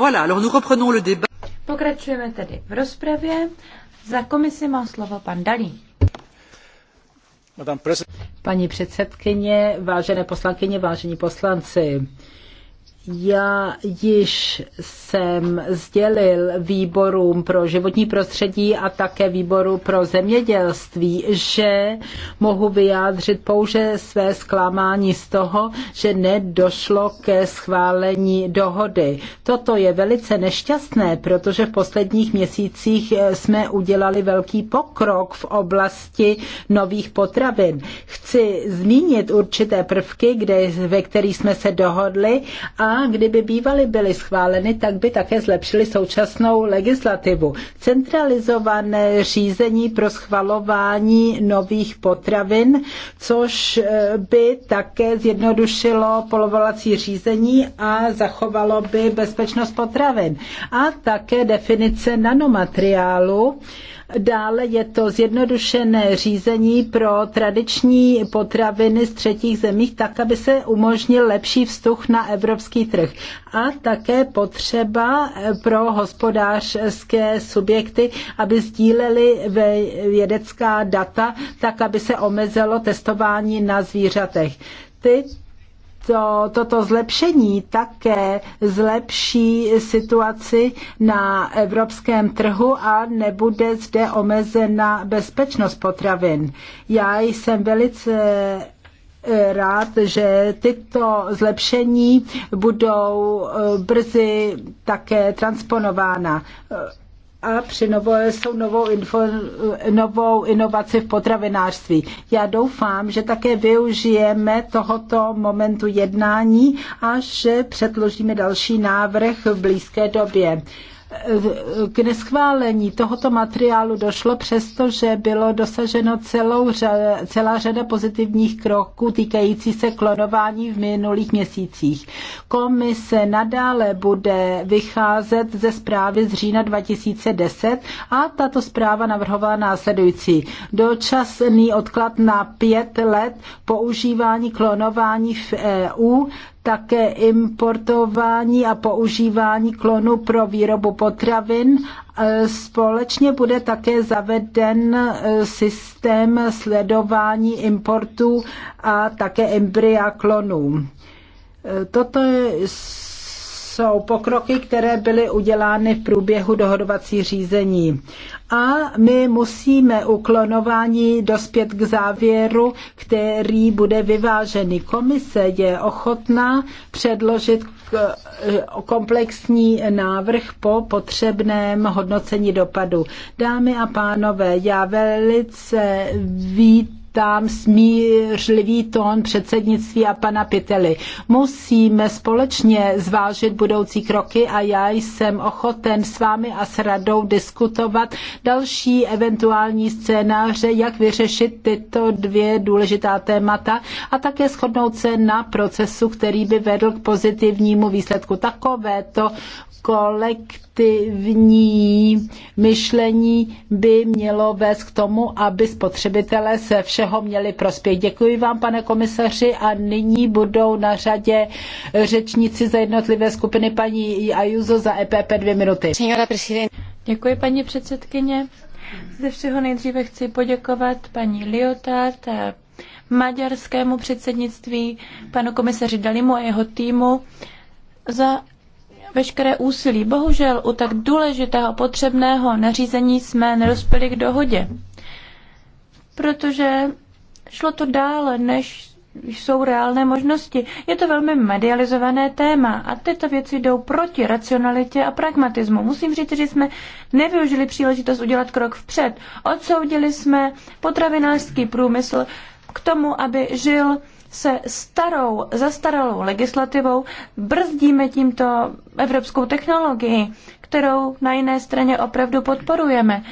Voilà, alors nous reprenons le débat. Pokračujeme tedy v rozpravě. Za komisi má slovo pan Dalí. Paní předsedkyně, vážené poslankyně, vážení poslanci, já již jsem sdělil výborům pro životní prostředí a také výboru pro zemědělství, že mohu vyjádřit pouze své zklamání z toho, že nedošlo ke schválení dohody. Toto je velice nešťastné, protože v posledních měsících jsme udělali velký pokrok v oblasti nových potravin. Chci zmínit určité prvky, kde, ve kterých jsme se dohodli a kdyby bývaly byly schváleny, tak by také zlepšily současnou legislativu. Centralizované řízení pro schvalování nových potravin, což eh, by také zjednodušilo polovolací řízení a zachovalo by bezpečnost potravin. A také definice nanomateriálu, Dále je to zjednodušené řízení pro tradiční potraviny z třetích zemích, tak, aby se umožnil lepší vstup na evropský trh. A také potřeba eh, pro hospodářské subjekty, aby sdíleli vědecká data, tak, aby se omezilo testování na zvířatech. Ty to, toto zlepšení také zlepší situaci na evropském trhu a nebude zde omezena bezpečnost potravin. Já jsem velice eh, rád, že tyto zlepšení budou eh, brzy také transponována a jsou novou, info, novou inovaci v potravinářství. Já doufám, že také využijeme tohoto momentu jednání a že předložíme další návrh v blízké době k neschválení tohoto materiálu došlo, přestože bylo dosaženo celou řada, celá řada pozitivních kroků týkající se klonování v minulých měsících. Komise nadále bude vycházet ze zprávy z října 2010 a tato zpráva navrhovala následující. Dočasný odklad na pět let používání klonování v EU také importování a používání klonu pro výrobu potravin. Společně bude také zaveden e, systém sledování importu a také embrya klonů. E, toto je jsou pokroky, které byly udělány v průběhu dohodovací řízení. A my musíme u klonování dospět k závěru, který bude vyvážený. Komise je ochotná předložit eh, komplexní návrh po potřebném hodnocení dopadu. Dámy a pánové, já velice vítám, vítám smířlivý tón předsednictví a pana Pitely. Musíme společně zvážit budoucí kroky a já jsem ochoten s vámi a s radou diskutovat další eventuální scénáře, jak vyřešit tyto dvě důležitá témata a také shodnout se na procesu, který by vedl k pozitivnímu výsledku. Takovéto kolektivní myšlení by mělo vést k tomu, aby spotřebitelé se všeho všeho měli prospěch. Děkuji vám, pane komisaři, a nyní budou na řadě řečníci za jednotlivé skupiny paní Ajuzo za EPP dvě minuty. Děkuji, paní předsedkyně. Ze všeho nejdříve chci poděkovat paní Liotard, maďarskému předsednictví, panu komisaři Dalimu a jeho týmu za veškeré úsilí. Bohužel u tak důležitého potřebného nařízení jsme nedospěli k dohodě protože šlo to dále, než jsou reálné možnosti. Je to velmi medializované téma a tyto věci jdou proti racionalitě a pragmatismu. Musím říct, že jsme nevyužili příležitost udělat krok vpřed. Odsoudili jsme potravinářský průmysl k tomu, aby žil se starou, zastaralou legislativou, brzdíme tímto evropskou technologii, kterou na jiné straně opravdu podporujeme.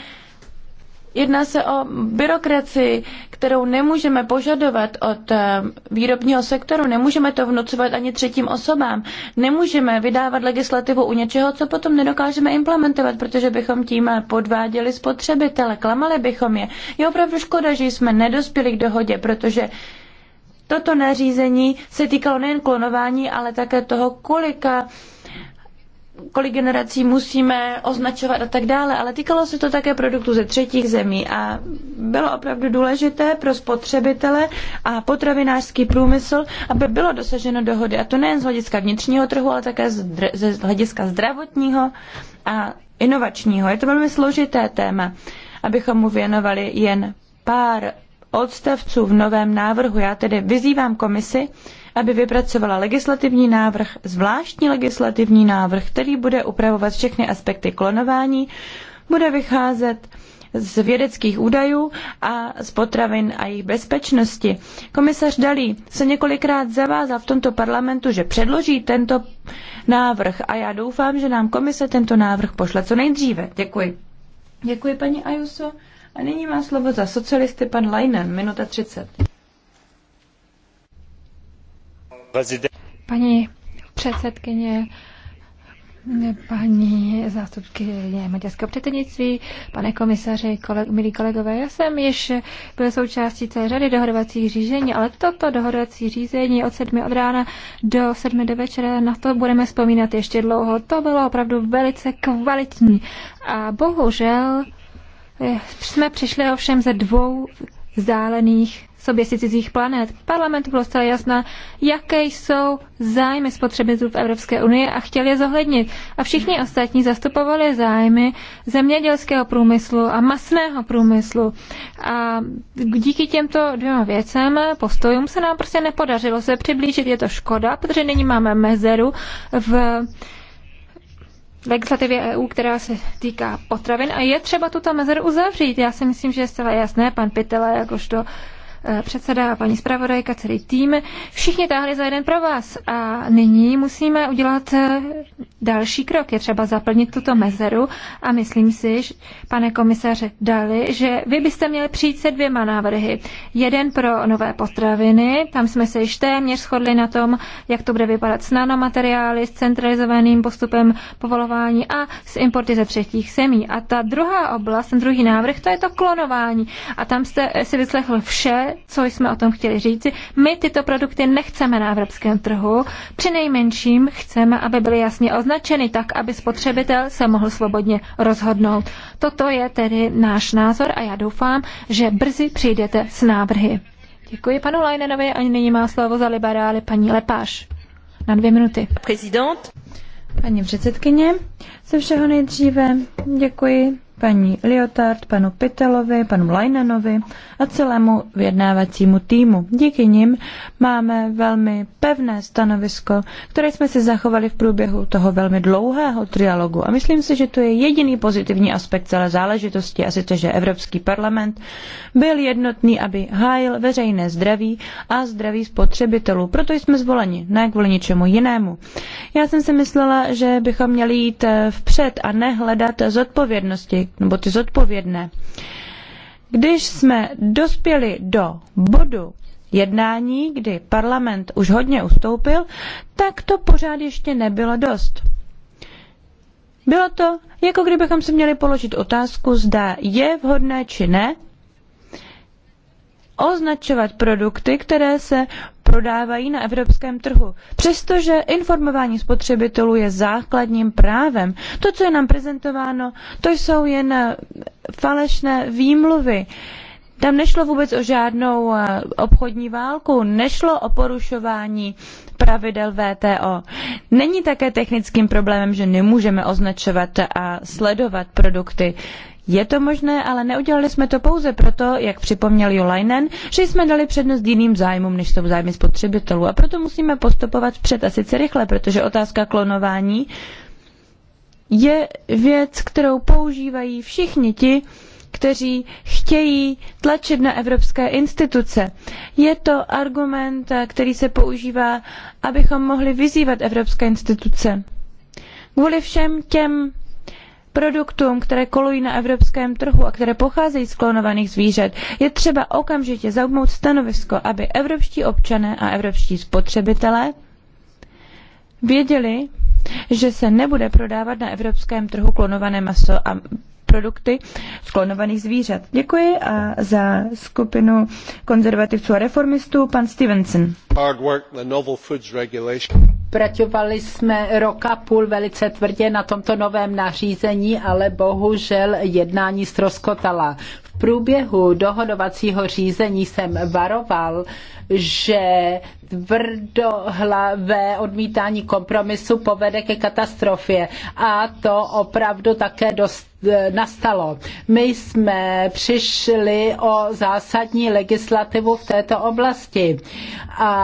Jedná se o byrokracii, kterou nemůžeme požadovat od eh, výrobního sektoru, nemůžeme to vnucovat ani třetím osobám, nemůžeme vydávat legislativu u něčeho, co potom nedokážeme implementovat, protože bychom tím podváděli spotřebitele, klamali bychom je. Je opravdu škoda, že jsme nedospěli k dohodě, protože toto nařízení se týkalo nejen klonování, ale také toho, kolika kolik generací musíme označovat a tak dále, ale týkalo se to také produktů ze třetích zemí a bylo opravdu důležité pro spotřebitele a potravinářský průmysl, aby bylo dosaženo dohody a to nejen z hlediska vnitřního trhu, ale také z hlediska zdravotního a inovačního. Je to velmi složité téma, abychom mu věnovali jen pár odstavců v novém návrhu. Já tedy vyzývám komisi, aby vypracovala legislativní návrh, zvláštní legislativní návrh, který bude upravovat všechny aspekty klonování, bude vycházet z vědeckých údajů a z potravin a jejich bezpečnosti. Komisař Dalí se několikrát zavázal v tomto parlamentu, že předloží tento návrh a já doufám, že nám komise tento návrh pošle co nejdříve. Děkuji. Děkuji paní Ajuso. A nyní má slovo za socialisty pan Leinen, minuta 30. Paní předsedkyně, paní zástupkyně maďarského předsednictví, pane komisaři, koleg, milí kolegové, já jsem již byl součástí celé řady dohodovacích řízení, ale toto dohodovací řízení od sedmi od rána do sedmi do večera, na to budeme vzpomínat ještě dlouho. To bylo opravdu velice kvalitní a bohužel eh, jsme přišli ovšem ze dvou vzdálených sobě si cizích planet. Parlament bylo zcela jasné, jaké jsou zájmy spotřebitelů v Evropské unii a chtěl je zohlednit. A všichni ostatní zastupovali zájmy zemědělského průmyslu a masného průmyslu. A díky těmto dvěma věcem, postojům se nám prostě nepodařilo se přiblížit. Je to škoda, protože nyní máme mezeru v legislativě EU, která se týká potravin a je třeba tuto mezeru uzavřít. Já si myslím, že je zcela jasné, pan Pitele, jakožto Eh, předseda a paní zpravodajka, celý tým. Všichni táhli za jeden pro vás a nyní musíme udělat eh, další krok. Je třeba zaplnit tuto mezeru a myslím si, že, pane komisaře Dali, že vy byste měli přijít se dvěma návrhy. Jeden pro nové potraviny, tam jsme se již téměř shodli na tom, jak to bude vypadat s nanomateriály, s centralizovaným postupem povolování a s importy ze třetích semí. A ta druhá oblast, ten druhý návrh, to je to klonování. A tam jste si vyslechl vše, co jsme o tom chtěli říci. My tyto produkty nechceme na evropském trhu. Při nejmenším chceme, aby byly jasně označeny tak, aby spotřebitel se mohl svobodně rozhodnout. Toto je tedy náš názor a já doufám, že brzy přijdete s návrhy. Děkuji panu Lajnenovi a nyní má slovo za liberály paní Lepáš. Na dvě minuty. Prezident. Paní předsedkyně, ze všeho nejdříve děkuji paní Liotard, panu Pitelovi, panu Leinenovi a celému vyjednávacímu týmu. Díky nim máme velmi pevné stanovisko, které jsme si zachovali v průběhu toho velmi dlouhého trialogu. A myslím si, že to je jediný pozitivní aspekt celé záležitosti, a sice, že Evropský parlament byl jednotný, aby hájil veřejné zdraví a zdraví spotřebitelů. Proto jsme zvoleni, ne kvůli ničemu jinému. Já jsem si myslela, že bychom měli jít eh, vpřed a nehledat zodpovědnosti, nebo ty zodpovědné. Když jsme dospěli do bodu jednání, kdy parlament už hodně ustoupil, tak to pořád ještě nebylo dost. Bylo to, jako kdybychom si měli položit otázku, zda je vhodné či ne označovat produkty, které se prodávají na evropském trhu. Přestože informování spotřebitelů je základním právem, to, co je nám prezentováno, to jsou jen eh, falešné výmluvy. Tam nešlo vůbec o žádnou eh, obchodní válku, nešlo o porušování pravidel VTO. Není také technickým problémem, že nemůžeme označovat a sledovat produkty. Je to možné, ale neudělali jsme to pouze proto, jak připomněl Jolajnen, že jsme dali přednost jiným zájmům, než jsou zájmy spotřebitelů. A proto musíme postupovat před a sice rychle, protože otázka klonování je věc, kterou používají všichni ti, kteří chtějí tlačit na evropské instituce. Je to argument, který se používá, abychom mohli vyzývat evropské instituce. Kvůli všem těm produktům, které kolují na evropském trhu a které pocházejí z klonovaných zvířat, je třeba okamžitě zaujmout stanovisko, aby evropští občané a evropští spotřebitelé věděli, že se nebude prodávat na evropském trhu klonované maso a produkty z klonovaných zvířat. Děkuji a za skupinu konzervativců a reformistů pan Stevenson pracovali jsme roka půl velice tvrdě na tomto novém nařízení, ale bohužel jednání ztroskotala. V průběhu dohodovacího řízení jsem varoval, že tvrdohlavé odmítání kompromisu povede ke katastrofě. A to opravdu také dost eh, nastalo. My jsme přišli o zásadní legislativu v této oblasti a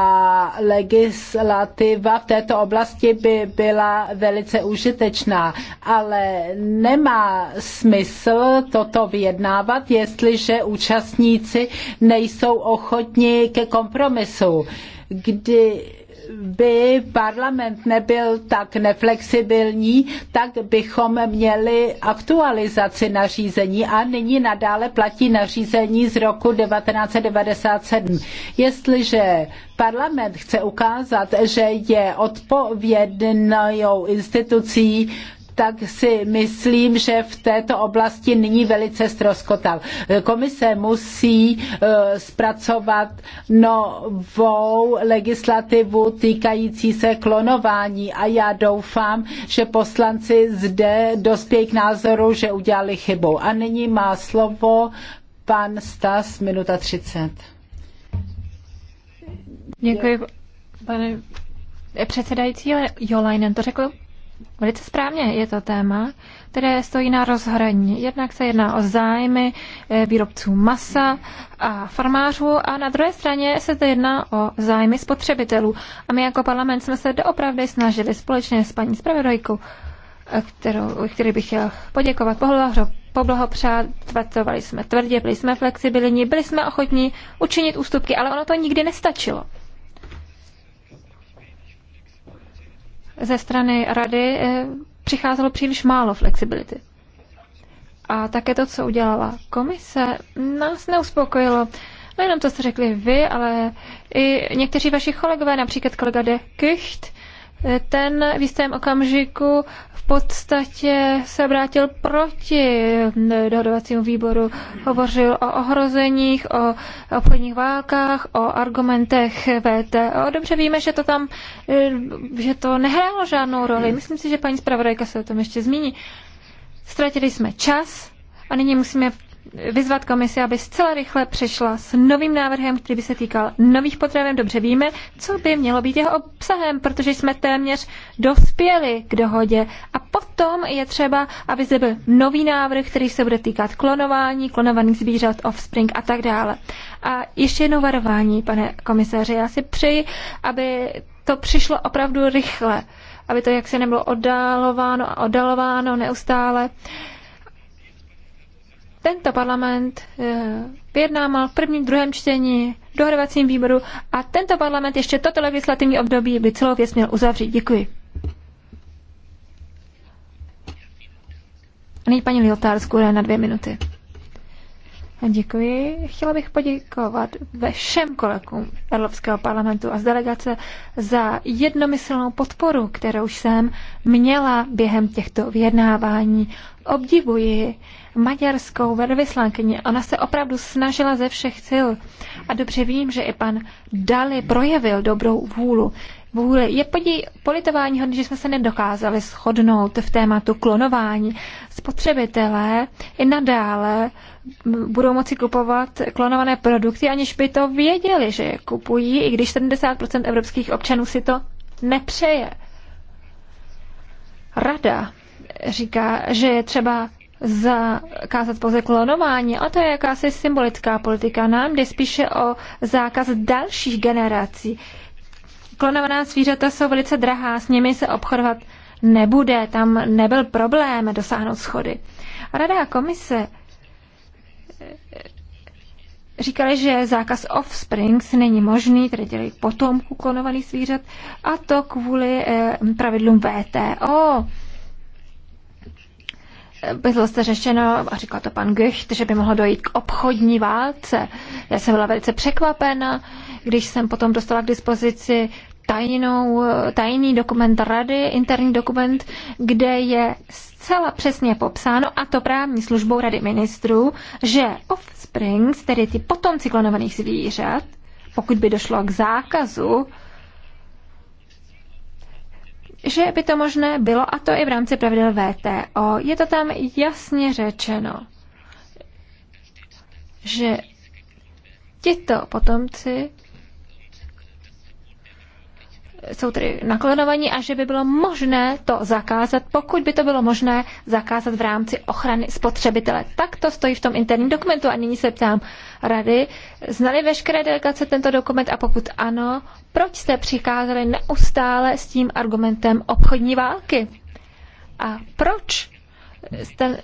legislativa v této této oblasti by byla velice užitečná, ale nemá smysl toto vyjednávat, jestliže účastníci nejsou ochotní ke kompromisu. Kdy by parlament nebyl tak neflexibilní, tak bychom měli aktualizaci nařízení a nyní nadále platí nařízení z roku 1997. Jestliže parlament chce ukázat, že je odpovědnou institucí, tak si myslím, že v této oblasti nyní velice stroskotal. Komise musí eh, zpracovat novou legislativu týkající se klonování a já doufám, že poslanci zde dospějí k názoru, že udělali chybu. A nyní má slovo pan Stas, minuta 30. Děkuji, pane předsedající, ale Jolajnen to řekl Velice správně je to téma, které stojí na rozhraní. Jednak se jedná o zájmy eh, výrobců masa a farmářů a na druhé straně se to jedná o zájmy spotřebitelů. A my jako parlament jsme se doopravdy snažili společně s paní Spravedojkou, eh, kterou, který bych chtěl poděkovat, poblahopřát, pracovali jsme tvrdě, byli jsme flexibilní, byli jsme ochotní učinit ústupky, ale ono to nikdy nestačilo. ze strany rady eh, přicházelo příliš málo flexibility. A také to, co udělala komise, nás neuspokojilo. Nejenom to, co řekli vy, ale i někteří vaši kolegové, například kolega de Kicht, ten v jistém okamžiku v podstatě se vrátil proti dohodovacímu výboru. Hovořil o ohrozeních, o obchodních válkách, o argumentech VTO. Dobře víme, že to tam, že to nehrálo žádnou roli. Myslím si, že paní zpravodajka se o tom ještě zmíní. Ztratili jsme čas a nyní musíme vyzvat komisi, aby zcela rychle přišla s novým návrhem, který by se týkal nových potravin. Dobře víme, co by mělo být jeho obsahem, protože jsme téměř dospěli k dohodě. A potom je třeba, aby zde byl nový návrh, který se bude týkat klonování, klonovaných zvířat, offspring a tak dále. A ještě jedno varování, pane komisaři, já si přeji, aby to přišlo opravdu rychle, aby to jaksi nebylo oddalováno a oddalováno neustále. Uh, tento parlament eh, vyjednámal v prvním, druhém čtení, dohodovacím výboru a tento parlament ještě toto legislativní období by celou věc měl uzavřít. Děkuji. Nyní paní Liotársku na dvě minuty. Děkuji. Chtěla bych poděkovat ve všem kolegům Evropského parlamentu a z delegace za jednomyslnou podporu, kterou jsem měla během těchto vyjednávání obdivuji maďarskou velvyslankyni. Ona se opravdu snažila ze všech sil. A dobře vím, že i pan Dali projevil dobrou vůlu. Vůli. Je podí politování hodně, že jsme se nedokázali shodnout v tématu klonování. Spotřebitelé i nadále budou moci kupovat klonované produkty, aniž by to věděli, že je kupují, i když 70% evropských občanů si to nepřeje. Rada říká, že je třeba zakázat pouze klonování, a to je jakási symbolická politika. Nám jde spíše o zákaz dalších generací. Klonovaná zvířata jsou velice drahá, s nimi se obchodovat nebude, tam nebyl problém dosáhnout schody. Rada a komise říkali, že zákaz offsprings není možný, tedy dělají potomku klonovaných zvířat, a to kvůli eh, pravidlům VTO bylo zde řešeno, a říkal to pan Gecht, že by mohlo dojít k obchodní válce. Já jsem byla velice překvapena, když jsem potom dostala k dispozici tajnou, tajný dokument rady, interní dokument, kde je zcela přesně popsáno, a to právní službou rady ministrů, že offsprings, tedy ty potom cyklonovaných zvířat, pokud by došlo k zákazu, že by to možné bylo, a to i v rámci pravidel VTO. Je to tam jasně řečeno, že tito potomci jsou tedy naklonovaní a že by bylo možné to zakázat, pokud by to bylo možné zakázat v rámci ochrany spotřebitele. Tak to stojí v tom interním dokumentu a nyní se ptám rady, znali veškeré delegace tento dokument a pokud ano, proč jste přicházeli neustále s tím argumentem obchodní války? A proč jste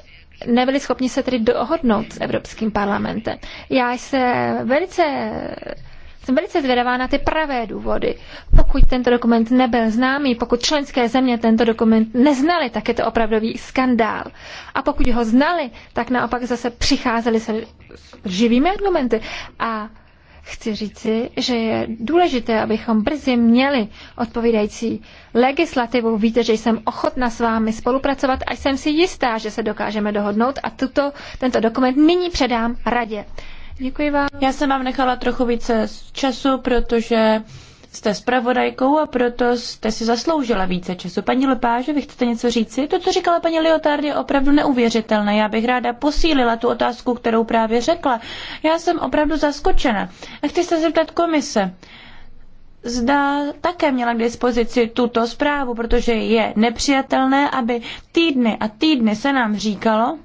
nebyli schopni se tedy dohodnout s Evropským parlamentem. Já se velice jsem velice zvědavá na ty pravé důvody. Pokud tento dokument nebyl známý, pokud členské země tento dokument neznali, tak je to opravdový skandál. A pokud ho znali, tak naopak zase přicházeli se živými argumenty. A chci říci, že je důležité, abychom brzy měli odpovídající legislativu. Víte, že jsem ochotna s vámi spolupracovat a jsem si jistá, že se dokážeme dohodnout a tuto, tento dokument nyní předám radě. Děkuji vám. Já jsem vám nechala trochu více času, protože jste zpravodajkou a proto jste si zasloužila více času. Paní Lepáže, vy chcete něco říci? To, co říkala paní Liotard, je opravdu neuvěřitelné. Já bych ráda posílila tu otázku, kterou právě řekla. Já jsem opravdu zaskočena. A chci se zeptat komise. Zda také měla k dispozici tuto zprávu, protože je nepřijatelné, aby týdny a týdny se nám říkalo,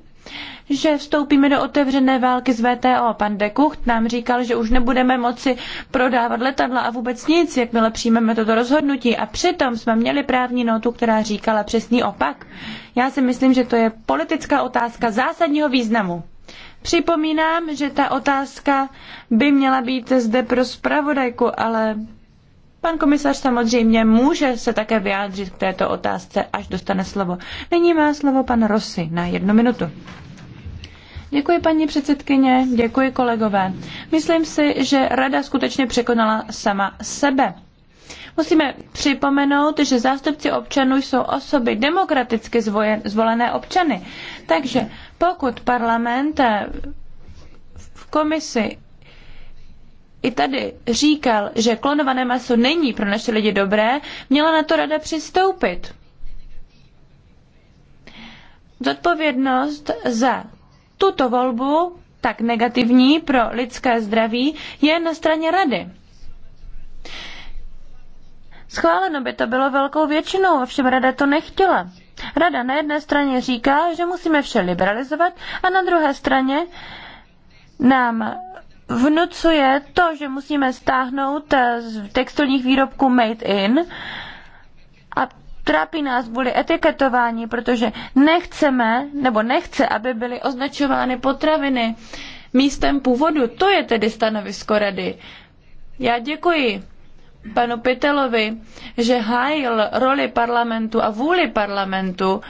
že vstoupíme do otevřené války s VTO. Pan de Kucht nám říkal, že už nebudeme moci prodávat letadla a vůbec nic, jakmile přijmeme toto rozhodnutí. A přitom jsme měli právní notu, která říkala přesný opak. Já si myslím, že to je politická otázka zásadního významu. Připomínám, že ta otázka by měla být zde pro zpravodajku, ale Pan komisař samozřejmě může se také vyjádřit k této otázce, až dostane slovo. Nyní má slovo pan Rossi na jednu minutu. Děkuji paní předsedkyně, děkuji kolegové. Myslím si, že rada skutečně překonala sama sebe. Musíme připomenout, že zástupci občanů jsou osoby demokraticky zvolené občany. Takže pokud parlament eh, v komisi i tady říkal, že klonované maso není pro naše lidi dobré, měla na to rada přistoupit. Zodpovědnost za tuto volbu, tak negativní pro lidské zdraví, je na straně rady. Schváleno by to bylo velkou většinou, ovšem rada to nechtěla. Rada na jedné straně říká, že musíme vše liberalizovat a na druhé straně nám vnucuje to, že musíme stáhnout eh, z textilních výrobků made in, Trápí nás kvůli etiketování, protože nechceme, nebo nechce, aby byly označovány potraviny místem původu. To je tedy stanovisko rady. Já děkuji panu Pitelovi, že hájil roli parlamentu a vůli parlamentu,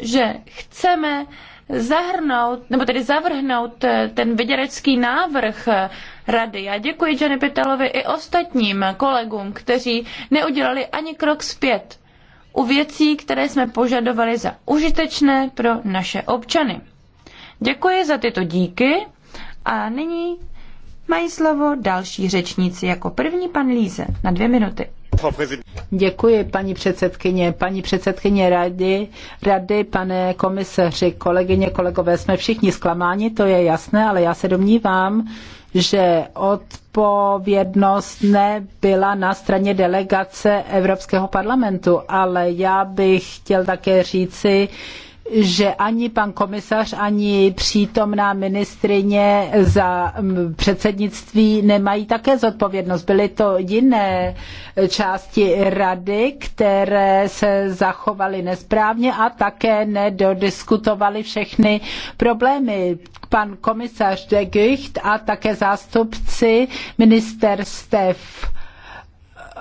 že chceme zahrnout, nebo tedy zavrhnout eh, ten vyděrecký návrh eh, rady. Já děkuji Johnny Pitelovi i ostatním kolegům, kteří neudělali ani krok zpět u věcí, které jsme požadovali za užitečné pro naše občany. Děkuji za tyto díky a nyní mají slovo další řečníci jako první pan Líze na dvě minuty. Děkuji, paní předsedkyně. Paní předsedkyně rady, rady, pane komisaři, kolegyně, kolegové, jsme všichni zklamáni, to je jasné, ale já se domnívám, že odpovědnost nebyla na straně delegace Evropského parlamentu, ale já bych chtěl také říci, že ani pan komisař, ani přítomná ministrině za předsednictví nemají také zodpovědnost. Byly to jiné části rady, které se zachovaly nesprávně a také nedodiskutovaly všechny problémy. Pan komisař de Gucht a také zástupci ministerstev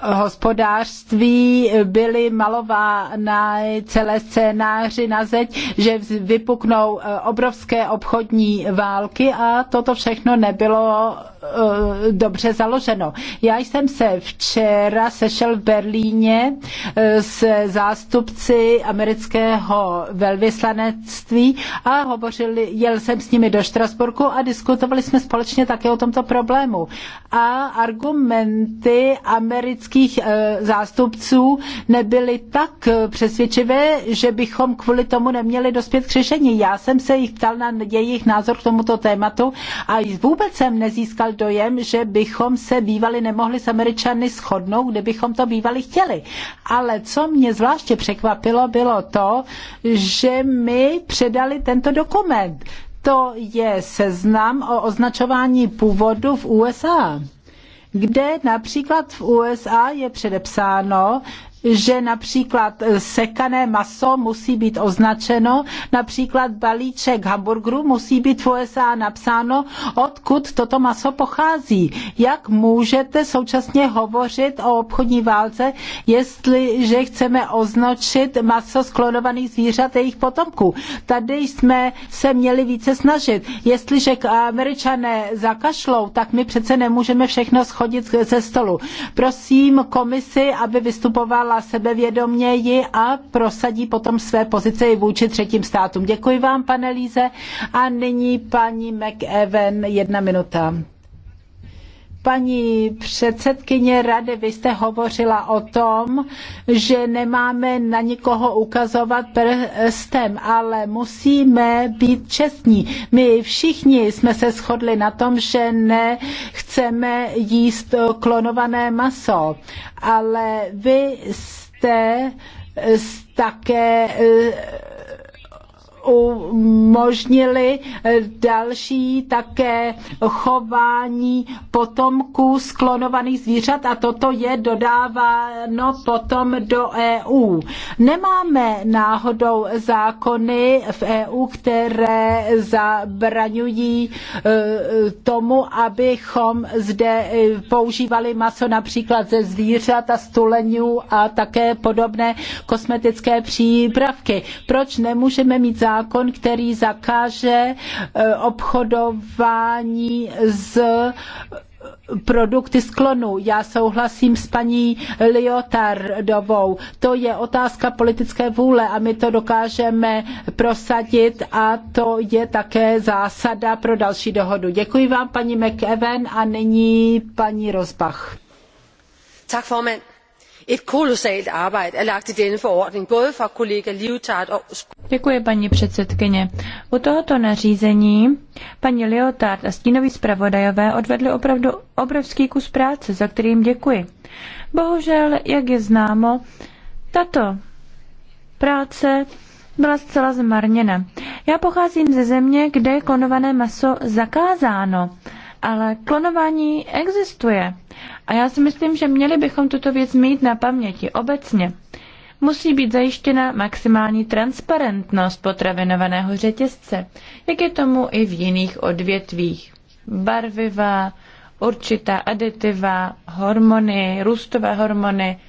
hospodářství byly malovány celé scénáři na zeď, že vypuknou e, obrovské obchodní války a toto všechno nebylo e, dobře založeno. Já jsem se včera sešel v Berlíně e, s zástupci amerického velvyslanectví a hovořili, jel jsem s nimi do Štrasburku a diskutovali jsme společně také o tomto problému. A argumenty americké irských eh, zástupců nebyly tak eh, přesvědčivé, že bychom kvůli tomu neměli dospět k řešení. Já jsem se jich ptal na jejich názor k tomuto tématu a vůbec jsem nezískal dojem, že bychom se bývali nemohli s Američany shodnout, kdybychom to bývali chtěli. Ale co mě zvláště překvapilo, bylo to, že mi předali tento dokument. To je seznam o označování původu v USA kde například v USA je předepsáno, že například eh, sekané maso musí být označeno, například balíček hamburgeru musí být v USA napsáno, odkud toto maso pochází. Jak můžete současně hovořit o obchodní válce, jestliže chceme označit maso sklonovaných zvířat a jejich potomků? Tady jsme se měli více snažit. Jestliže američané zakašlou, tak my přece nemůžeme všechno schodit ze stolu. Prosím komisi, aby vystupovala chová sebevědoměji a prosadí potom své pozice i vůči třetím státům. Děkuji vám, pane Líze. A nyní paní McEwen, jedna minuta. Paní předsedkyně rady, vy jste hovořila o tom, že nemáme na nikoho ukazovat prstem, ale musíme být čestní. My všichni jsme se shodli na tom, že nechceme jíst klonované maso, ale vy jste také eh, umožnili eh, další také chování potomků sklonovaných zvířat a toto je dodáváno potom do EU. Nemáme náhodou zákony v EU, které zabraňují eh, tomu, abychom zde eh, používali maso například ze zvířat a stuleňů a také podobné kosmetické přípravky. Proč nemůžeme mít zákon zákon, který zakáže eh, obchodování s eh, produkty z klonu. Já souhlasím s paní Liotardovou. To je otázka politické vůle a my to dokážeme prosadit a to je také zásada pro další dohodu. Děkuji vám, paní McEwen, a nyní paní Rozbach. Tak, formand et kolossalt arbejde er lagt i denne forordning, både fra kollega Liotard og... Děkuji, paní předsedkyně. U tohoto nařízení paní Liotard a stínoví zpravodajové odvedli opravdu obrovský kus práce, za kterým děkuji. Bohužel, jak je známo, tato práce byla zcela zmarněna. Já pocházím ze země, kde je klonované maso zakázáno, ale klonování existuje. A já si myslím, že měli bychom tuto věc mít na paměti obecně. Musí být zajištěna maximální transparentnost potravinovaného řetězce, jak je tomu i v jiných odvětvích. Barviva, určitá aditiva, hormony, růstové hormony.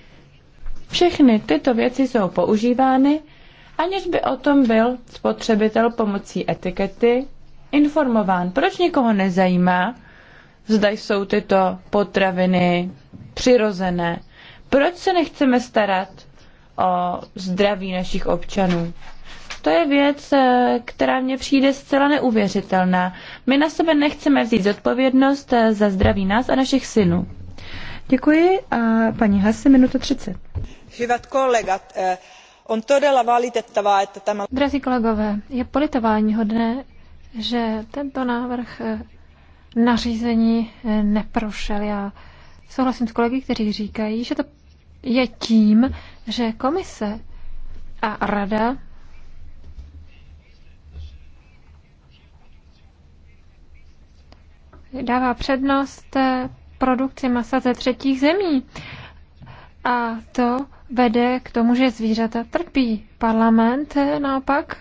Všechny tyto věci jsou používány, aniž by o tom byl spotřebitel pomocí etikety informován. Proč nikoho nezajímá, zda jsou tyto potraviny přirozené. Proč se nechceme starat o zdraví našich občanů? To je věc, eh, která mně přijde zcela neuvěřitelná. My na sebe nechceme vzít zodpovědnost eh, za zdraví nás a našich synů. Děkuji a paní Hase, minuta 30. Hyvat kolega. Eh, on to valitettavaa, että tämä... Drazí kolegové, je politování hodné, že tento návrh nařízení eh, neprošel. Já souhlasím s kolegy, kteří říkají, že to je tím, že komise a rada dává přednost eh, produkci masa ze třetích zemí. A to vede k tomu, že zvířata trpí. Parlament eh, naopak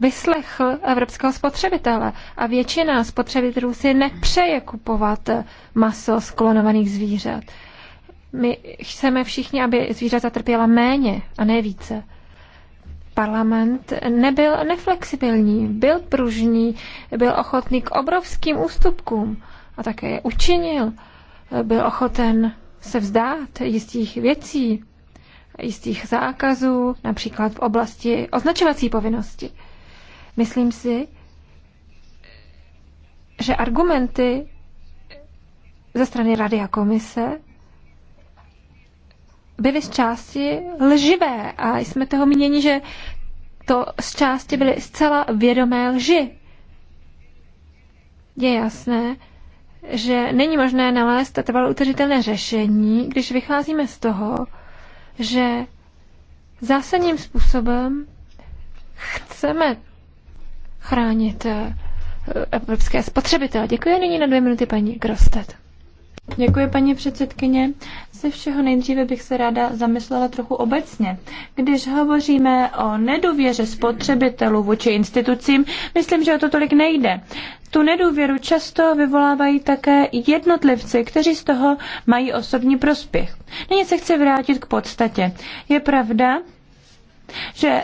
vyslechl evropského spotřebitele a většina spotřebitelů si nepřeje kupovat maso z klonovaných zvířat. My chceme všichni, aby zvířata trpěla méně a ne více. Parlament nebyl neflexibilní, byl pružný, byl ochotný k obrovským ústupkům a také je učinil. Byl ochoten se vzdát jistých věcí, jistých zákazů, například v oblasti označovací povinnosti. Myslím si, že argumenty ze strany Rady a komise byly z části lživé a jsme toho míněni, že to z části byly zcela vědomé lži. Je jasné, že není možné nalézt trvalo utržitelné řešení, když vycházíme z toho, že zásadním způsobem chceme chránit eh, evropské spotřebitele. Děkuji nyní na dvě minuty paní Grostet. Děkuji, paní předsedkyně. Ze všeho nejdříve bych se ráda zamyslela trochu obecně. Když hovoříme o nedůvěře spotřebitelů vůči institucím, myslím, že o to tolik nejde. Tu nedůvěru často vyvolávají také jednotlivci, kteří z toho mají osobní prospěch. Nyní se chci vrátit k podstatě. Je pravda, že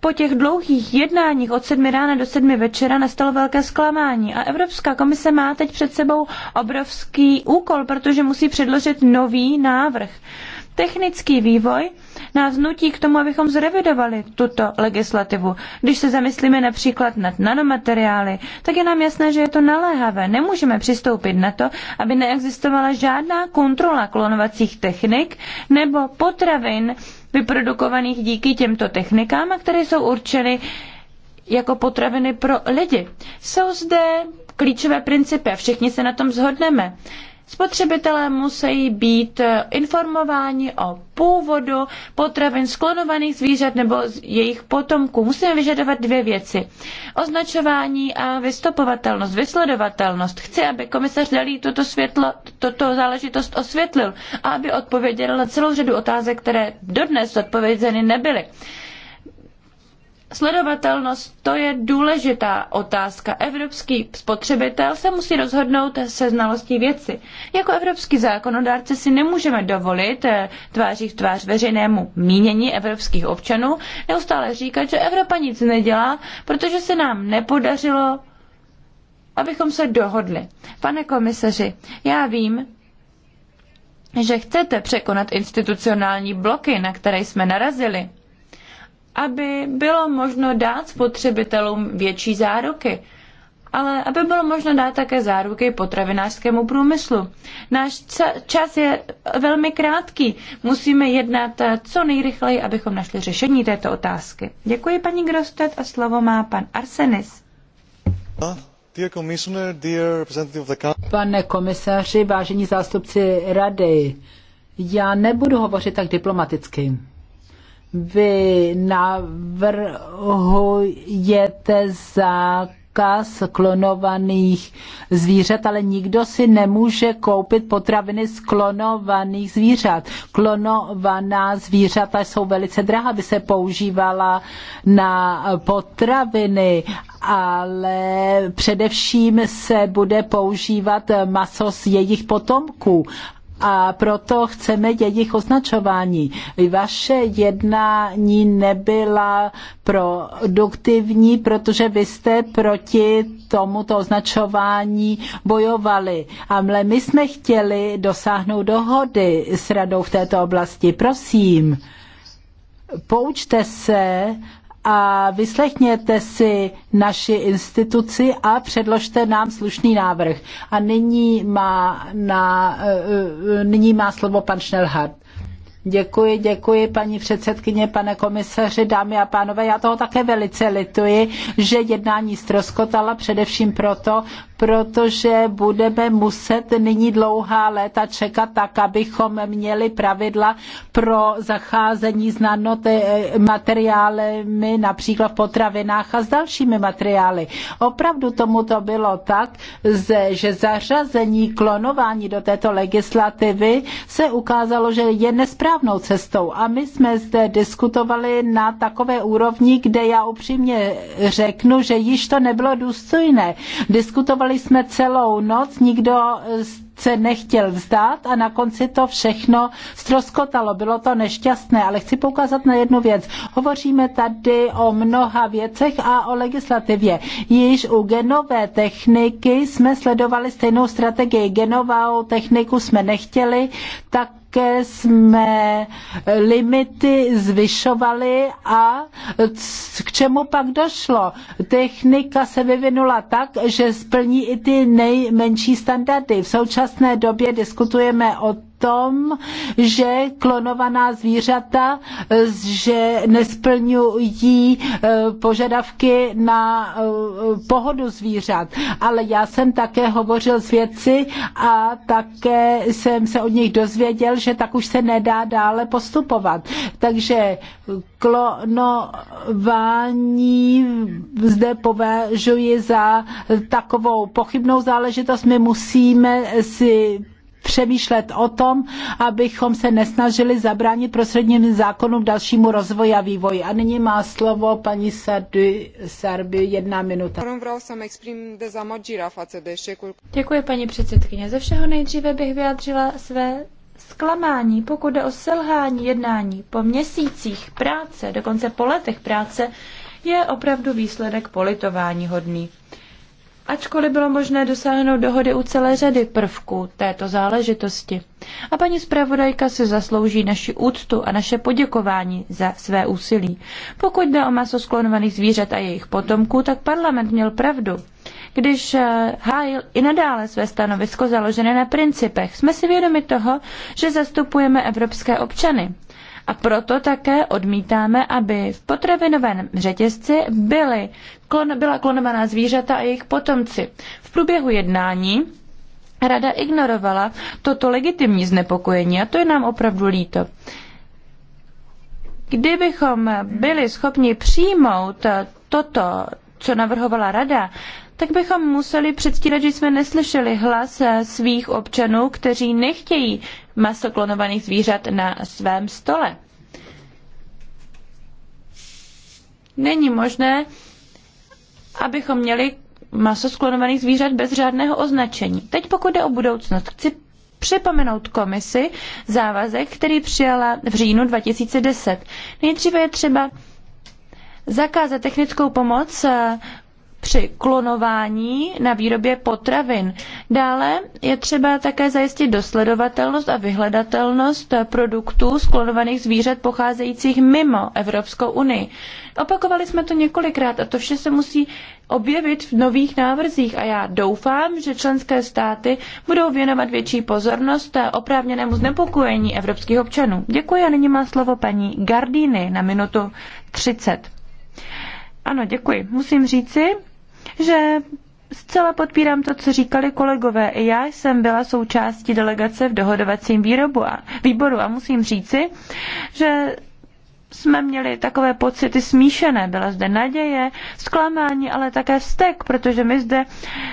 po těch dlouhých jednáních od sedmi rána do sedmi večera nastalo velké zklamání a Evropská komise má teď před sebou obrovský úkol, protože musí předložit nový návrh. Technický vývoj nás nutí k tomu, abychom zrevidovali tuto legislativu. Když se zamyslíme například nad nanomateriály, tak je nám jasné, že je to naléhavé. Nemůžeme přistoupit na to, aby neexistovala žádná kontrola klonovacích technik nebo potravin vyprodukovaných díky těmto technikám, a které jsou určeny jako potraviny pro lidi. Jsou zde klíčové principy a všichni se na tom zhodneme. Spotřebitelé musí být eh, informováni o původu potravin sklonovaných zvířat nebo jejich potomků. Musíme vyžadovat dvě věci. Označování a vystopovatelnost, vysledovatelnost. Chci, aby komisař Dalí toto, světlo, toto záležitost osvětlil a aby odpověděl na celou řadu otázek, které dodnes odpovězeny nebyly. Sledovatelnost to je důležitá otázka. Evropský spotřebitel se musí rozhodnout se znalostí věci. Jako evropský zákonodárce si nemůžeme dovolit eh, tváří v tvář veřejnému mínění evropských občanů neustále říkat, že Evropa nic nedělá, protože se nám nepodařilo, abychom se dohodli. Pane komisaři, já vím, že chcete překonat institucionální bloky, na které jsme narazili aby bylo možno dát spotřebitelům větší záruky, ale aby bylo možno dát také záruky potravinářskému průmyslu. Náš čas je velmi krátký. Musíme jednat eh, co nejrychleji, abychom našli řešení této otázky. Děkuji paní Grostet a slovo má pan Arsenis. Ah, Pane komisaři, vážení zástupci rady, já nebudu hovořit tak diplomaticky vy navrhujete zákaz klonovaných zvířat, ale nikdo si nemůže koupit potraviny z klonovaných zvířat. Klonovaná zvířata jsou velice drahá, by se používala na potraviny, ale především se bude používat maso z jejich potomků a proto chceme jejich označování. Vaše jednání nebyla produktivní, protože vy jste proti tomuto označování bojovali. A my jsme chtěli dosáhnout dohody s radou v této oblasti. Prosím, poučte se a vyslechněte si naši instituci a předložte nám slušný návrh. A nyní má, na, eh, eh, nyní má slovo pan Schnellhardt. Děkuji, děkuji paní předsedkyně, pane komisaři, dámy a pánové. Já toho také velice lituji, že jednání ztroskotala především proto, protože budeme muset nyní dlouhá léta čekat tak, abychom měli pravidla pro zacházení s materiály, například v potravinách a s dalšími materiály. Opravdu tomu to bylo tak, že zařazení klonování do této legislativy se ukázalo, že je nesprávné správnou cestou. A my jsme zde diskutovali na takové úrovni, kde já upřímně řeknu, že již to nebylo důstojné. Diskutovali jsme celou noc, nikdo se nechtěl vzdát a na konci to všechno stroskotalo. Bylo to nešťastné, ale chci poukázat na jednu věc. Hovoříme tady o mnoha věcech a o legislativě. Již u genové techniky jsme sledovali stejnou strategii. Genovou techniku jsme nechtěli, tak jaké jsme limity zvyšovali a k čemu pak došlo. Technika se vyvinula tak, že splní i ty nejmenší standardy. V současné době diskutujeme o tom, že klonovaná zvířata, eh, že nesplňují eh, požadavky na eh, pohodu zvířat. Ale já jsem také hovořil s vědci a také jsem se od nich dozvěděl, že tak už se nedá dále postupovat. Takže klonování zde považuji za takovou pochybnou záležitost. My musíme si přemýšlet o tom, abychom se nesnažili zabránit prostředním zákonům dalšímu rozvoji a vývoji. A nyní má slovo paní Sardy, Sarby, jedna minuta. Děkuji, paní předsedkyně. Ze všeho nejdříve bych vyjádřila své zklamání, pokud jde o selhání jednání po měsících práce, dokonce po letech práce, je opravdu výsledek politování hodný ačkoliv bylo možné dosáhnout dohody u celé řady prvků této záležitosti. A paní zpravodajka si zaslouží naši úctu a naše poděkování za své úsilí. Pokud jde o maso sklonovaných zvířat a jejich potomků, tak parlament měl pravdu když eh, hájil i nadále své stanovisko založené na principech. Jsme si vědomi toho, že zastupujeme evropské občany. A proto také odmítáme, aby v potravinovém řetězci byly, klon, byla klonovaná zvířata a jejich potomci. V průběhu jednání Rada ignorovala toto legitimní znepokojení a to je nám opravdu líto. Kdybychom byli schopni přijmout toto, co navrhovala Rada, tak bychom museli předstírat, že jsme neslyšeli hlas svých občanů, kteří nechtějí maso klonovaných zvířat na svém stole. Není možné, abychom měli maso sklonovaných zvířat bez řádného označení. Teď pokud jde o budoucnost, chci připomenout komisi závazek, který přijala v říjnu 2010. Nejdříve je třeba zakázat technickou pomoc při klonování na výrobě potravin. Dále je třeba také zajistit dosledovatelnost a vyhledatelnost produktů z klonovaných zvířat pocházejících mimo Evropskou unii. Opakovali jsme to několikrát a to vše se musí objevit v nových návrzích a já doufám, že členské státy budou věnovat větší pozornost oprávněnému znepokojení evropských občanů. Děkuji a nyní má slovo paní Gardíny na minutu 30. Ano, děkuji. Musím říci, že Zcela podpírám to, co říkali kolegové. Já jsem byla součástí delegace v dohodovacím výrobu a, výboru a musím říci, že jsme měli takové pocity smíšené. Byla zde naděje, zklamání, ale také vztek, protože my zde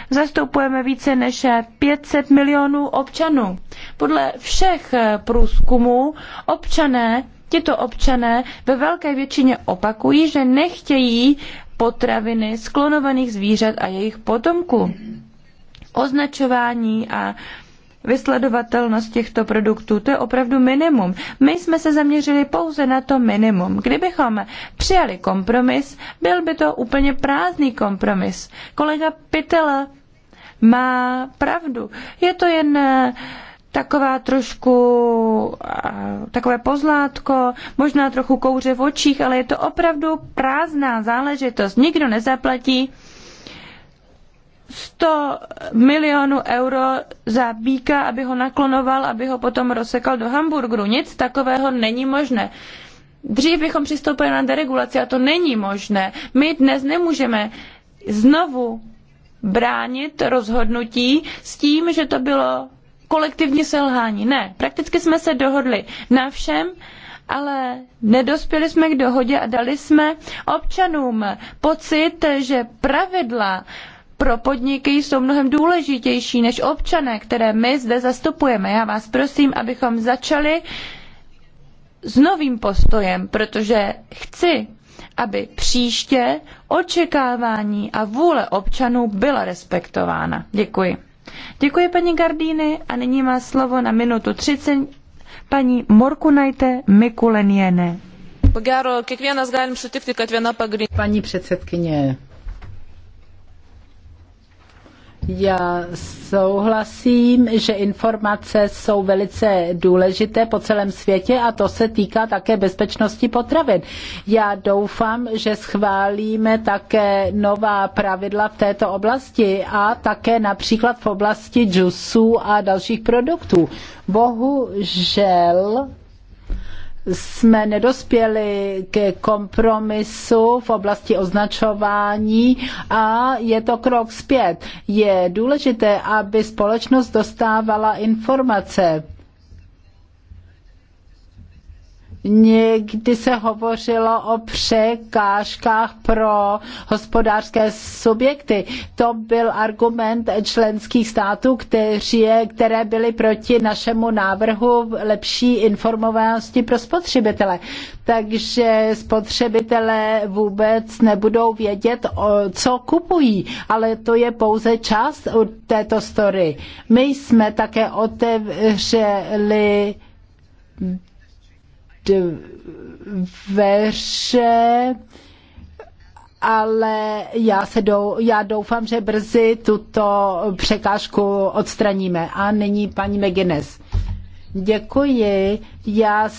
zastupujeme více než 500 milionů občanů. Podle všech eh, průzkumů občané Tito občané ve velké většině opakují, že nechtějí potraviny sklonovaných zvířat a jejich potomků. Označování a Vysledovatelnost těchto produktů to je opravdu minimum. My jsme se zaměřili pouze na to minimum. Kdybychom přijali kompromis, byl by to úplně prázdný kompromis. Kolega Pitel má pravdu. Je to jen taková trošku takové pozlátko, možná trochu kouře v očích, ale je to opravdu prázdná záležitost. Nikdo nezaplatí 100 milionů euro za bíka, aby ho naklonoval, aby ho potom rozsekal do hamburgeru. Nic takového není možné. Dřív bychom přistoupili na deregulaci a to není možné. My dnes nemůžeme znovu bránit rozhodnutí s tím, že to bylo kolektivní selhání. Ne, prakticky jsme se dohodli na všem, ale nedospěli jsme k dohodě a dali jsme občanům pocit, že pravidla pro podniky jsou mnohem důležitější než občané, které my zde zastupujeme. Já vás prosím, abychom začali s novým postojem, protože chci, aby příště očekávání a vůle občanů byla respektována. Děkuji. Děkuji paní Gardíny a nyní má slovo na minutu 30 paní Morkunajte Mikuleniene. Paní předsedkyně, já souhlasím, že informace jsou velice důležité po celém světě a to se týká také bezpečnosti potravin. Já doufám, že schválíme také nová pravidla v této oblasti a také například v oblasti džusů a dalších produktů. Bohužel jsme nedospěli k kompromisu v oblasti označování a je to krok zpět. Je důležité, aby společnost dostávala informace Někdy se hovořilo o překážkách pro hospodářské subjekty. To byl argument členských států, kteří, které byly proti našemu návrhu lepší informovanosti pro spotřebitele. Takže spotřebitelé vůbec nebudou vědět, co kupují, ale to je pouze část této story. My jsme také otevřeli dveře, ale já, se dou, já doufám, že brzy tuto překážku odstraníme. A nyní paní McGuinness. Děkuji. Já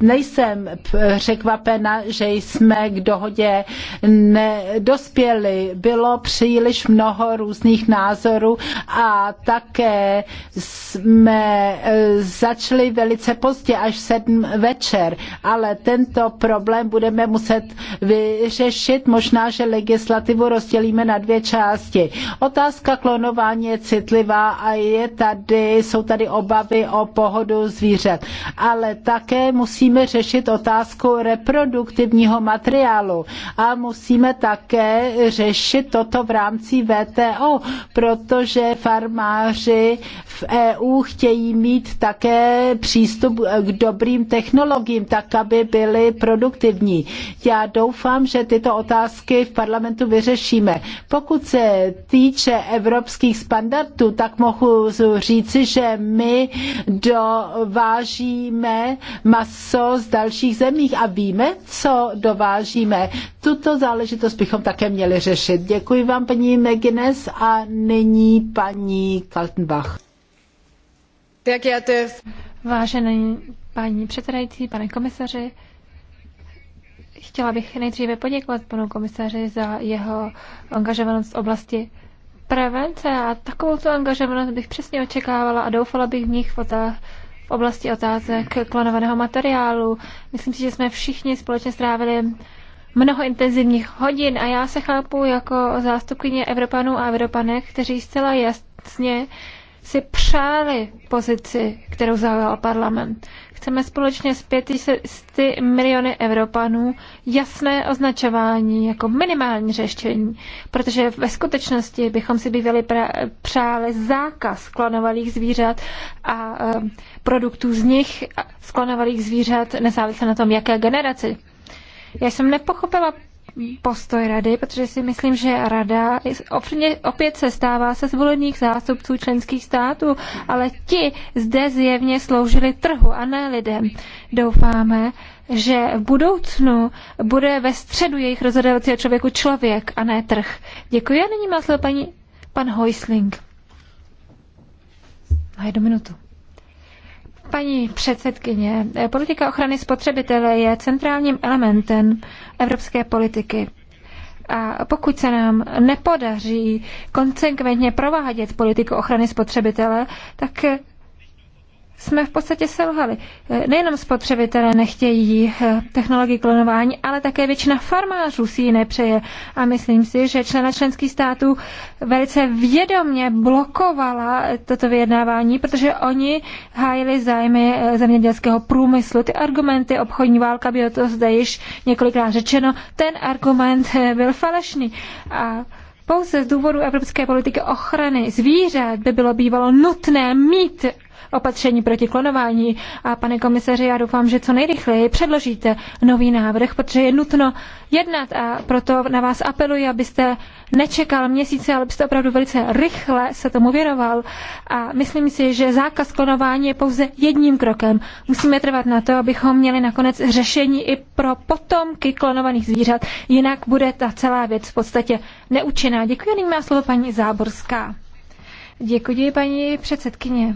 nejsem překvapena, že jsme k dohodě nedospěli. Bylo příliš mnoho různých názorů a také jsme e, začali velice pozdě, až v sedm večer, ale tento problém budeme muset vyřešit. Možná, že legislativu rozdělíme na dvě části. Otázka klonování je citlivá a je tady, jsou tady obavy o pohodu zvířat, ale také musí musíme řešit otázku reproduktivního materiálu a musíme také řešit toto v rámci VTO, protože farmáři v EU chtějí mít také přístup k dobrým technologiím, tak aby byly produktivní. Já doufám, že tyto otázky v parlamentu vyřešíme. Pokud se týče evropských standardů, tak mohu říci, že my dovážíme maso co z dalších zemích a víme, co dovážíme. Tuto záležitost bychom také měli řešit. Děkuji vám, paní Megines, a nyní paní Kaltenbach. Vážený paní předsedající, pane komisaři, chtěla bych nejdříve poděkovat panu komisaři za jeho angažovanost v oblasti prevence a takovou tu angažovanost bych přesně očekávala a doufala bych v nich v otázku v oblasti otázek klonovaného materiálu. Myslím si, že jsme všichni společně strávili mnoho intenzivních hodin a já se chápu jako zástupkyně Evropanů a Evropanek, kteří zcela jasně si přáli pozici, kterou zaujal parlament. Chceme společně s 500 miliony Evropanů jasné označování jako minimální řešení, protože ve skutečnosti bychom si bývali přáli zákaz klonovalých zvířat a eh, produktů z nich, klonovalých zvířat, nezávisle na tom, jaké generaci. Já jsem nepochopila, postoj rady, protože si myslím, že rada opět se stává se zvolených zástupců členských států, ale ti zde zjevně sloužili trhu a ne lidem. Doufáme, že v budoucnu bude ve středu jejich rozhodovacího člověku člověk a ne trh. Děkuji a nyní má slovo paní pan Heusling. Na jednu minutu. Paní předsedkyně, politika ochrany spotřebitele je centrálním elementem evropské politiky. A pokud se nám nepodaří konsekventně provádět politiku ochrany spotřebitele, tak jsme v podstatě selhali. Eh, nejenom spotřebitelé nechtějí eh, technologii klonování, ale také většina farmářů si ji nepřeje. A myslím si, že člena členských států velice vědomně blokovala eh, toto vyjednávání, protože oni hájili zájmy zemědělského průmyslu. Ty argumenty, obchodní válka, bylo to zde již několikrát řečeno, ten argument byl falešný. A pouze z důvodu evropské politiky ochrany zvířat by bylo bývalo nutné mít opatření proti klonování. A pane komisaři, já doufám, že co nejrychleji předložíte nový návrh, protože je nutno jednat a proto na vás apeluji, abyste nečekal měsíce, ale byste opravdu velice rychle se tomu věnoval. A myslím si, že zákaz klonování je pouze jedním krokem. Musíme trvat na to, abychom měli nakonec řešení i pro potomky klonovaných zvířat, jinak bude ta celá věc v podstatě neúčinná. Děkuji, nyní má slovo paní Záborská. Děkuji, paní předsedkyně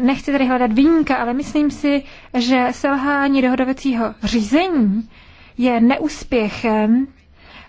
nechci tady hledat výjimka, ale myslím si, že selhání dohodovacího řízení je neúspěchem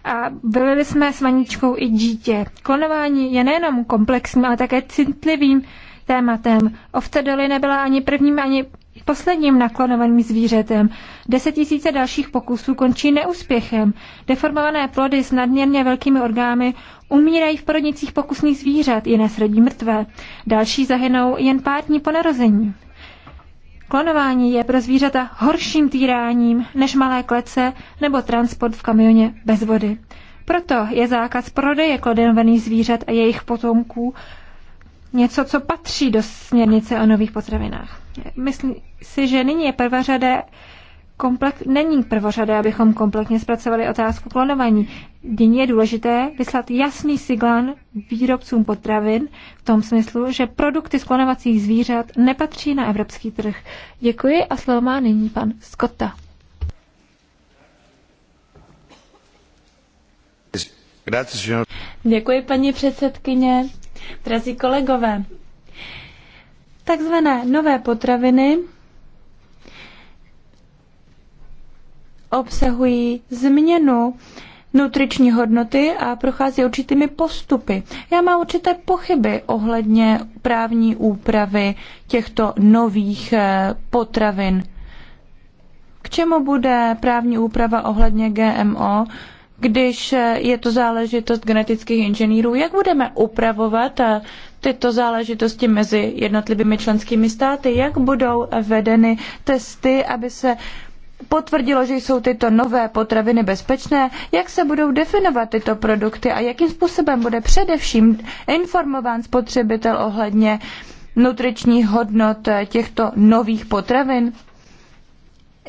a vylili jsme s vaničkou i dítě. Klonování je nejenom komplexním, ale také citlivým tématem. Ovce doly nebyla ani prvním, ani posledním naklonovaným zvířetem. Deset tisíce dalších pokusů končí neúspěchem. Deformované plody s nadměrně velkými orgány umírají v porodnicích pokusných zvířat, jiné srodí mrtvé. Další zahynou jen pár dní po narození. Klonování je pro zvířata horším týráním než malé klece nebo transport v kamioně bez vody. Proto je zákaz prodeje klonovaných zvířat a jejich potomků něco, co patří do směrnice o nových potravinách myslím si, že nyní je prvořadé komplek, není prvořadé, abychom komplexně zpracovali otázku klonování. Nyní je důležité vyslat jasný signál výrobcům potravin v tom smyslu, že produkty z klonovacích zvířat nepatří na evropský trh. Děkuji a slovo má nyní pan Scotta. Děkuji, paní předsedkyně. Drazí kolegové, Takzvané nové potraviny obsahují změnu nutriční hodnoty a prochází určitými postupy. Já mám určité pochyby ohledně právní úpravy těchto nových eh, potravin. K čemu bude právní úprava ohledně GMO? když je to záležitost genetických inženýrů, jak budeme upravovat eh, tyto záležitosti mezi jednotlivými členskými státy, jak budou vedeny testy, aby se potvrdilo, že jsou tyto nové potraviny bezpečné, jak se budou definovat tyto produkty a jakým způsobem bude především informován spotřebitel ohledně nutričních hodnot eh, těchto nových potravin?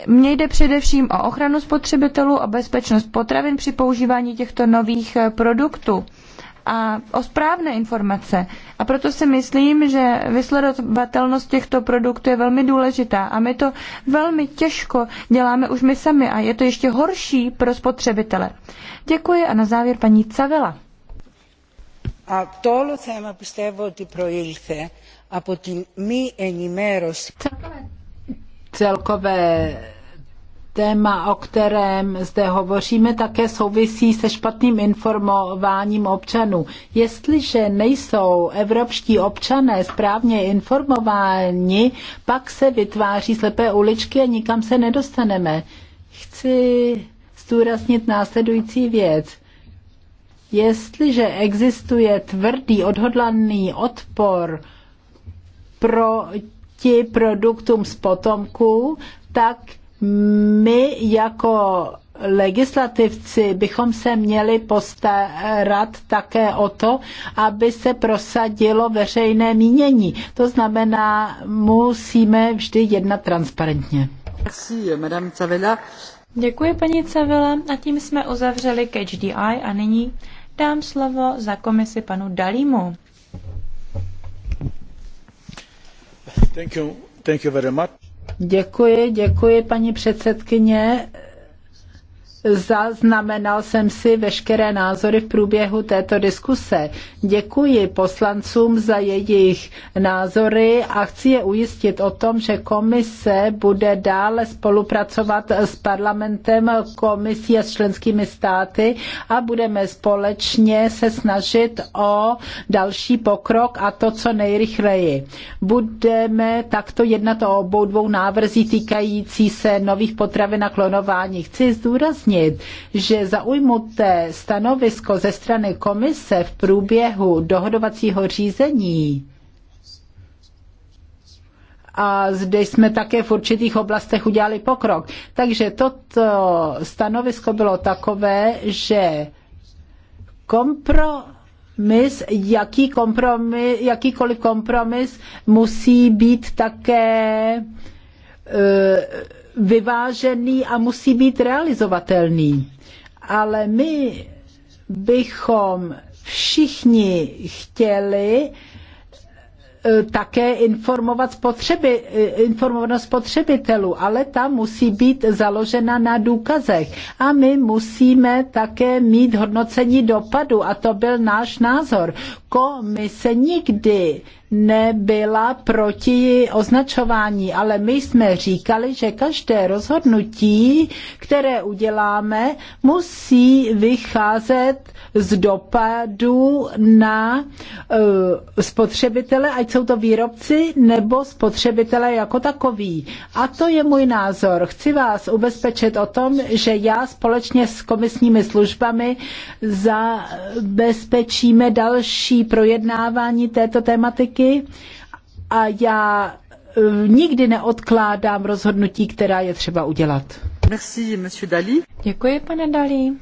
Mně jde především o ochranu spotřebitelů a bezpečnost potravin při používání těchto nových eh, produktů a o správné informace. A proto si myslím, že vysledovatelnost těchto produktů je velmi důležitá a my to velmi těžko děláme už my sami a je to ještě horší pro spotřebitele. Děkuji a na závěr paní Cavela. A tohle téma πιστεύω ότι προήλθε a potom μη ενημέρωση. Celkové celkové téma, o kterém zde hovoříme, také souvisí se špatným informováním občanů. Jestliže nejsou evropští občané správně informováni, pak se vytváří slepé uličky a nikam se nedostaneme. Chci zdůraznit následující věc. Jestliže existuje tvrdý, odhodlaný odpor pro proti produktům z potomků, tak my jako legislativci bychom se měli postarat také o to, aby se prosadilo veřejné mínění. To znamená, musíme vždy jednat transparentně. Děkuji, paní Cavela. A tím jsme uzavřeli Catch the Eye a nyní dám slovo za komisi panu Dalímu. Děkuji, děkuji paní předsedkyně Zaznamenal jsem si veškeré názory v průběhu této diskuse. Děkuji poslancům za jejich názory a chci je ujistit o tom, že komise bude dále spolupracovat s parlamentem, komisí a s členskými státy a budeme společně se snažit o další pokrok a to, co nejrychleji. Budeme takto jednat o obou dvou návrzích týkající se nových potravin a klonování. Chci zdůraznit, zmínit, že zaujmuté stanovisko ze strany komise v průběhu dohodovacího řízení a zde jsme také v určitých oblastech udělali pokrok. Takže toto stanovisko bylo takové, že kompromis, jaký kompromis, jakýkoliv kompromis musí být také eh, vyvážený a musí být realizovatelný. Ale my bychom všichni chtěli, E, také informovat spotřeby, e, informovanost spotřebitelů, ale ta musí být založena na důkazech. A my musíme také mít hodnocení dopadu a to byl náš názor. Komise nikdy nebyla proti označování, ale my jsme říkali, že každé rozhodnutí, které uděláme, musí vycházet z dopadu na eh, spotřebitele, ať jsou to výrobci nebo spotřebitele jako takový. A to je můj názor. Chci vás ubezpečit o tom, že já společně s komisními službami zabezpečíme další projednávání této tématiky a já eh, nikdy neodkládám rozhodnutí, která je třeba udělat. Merci, Dali. Děkuji, pane Dali.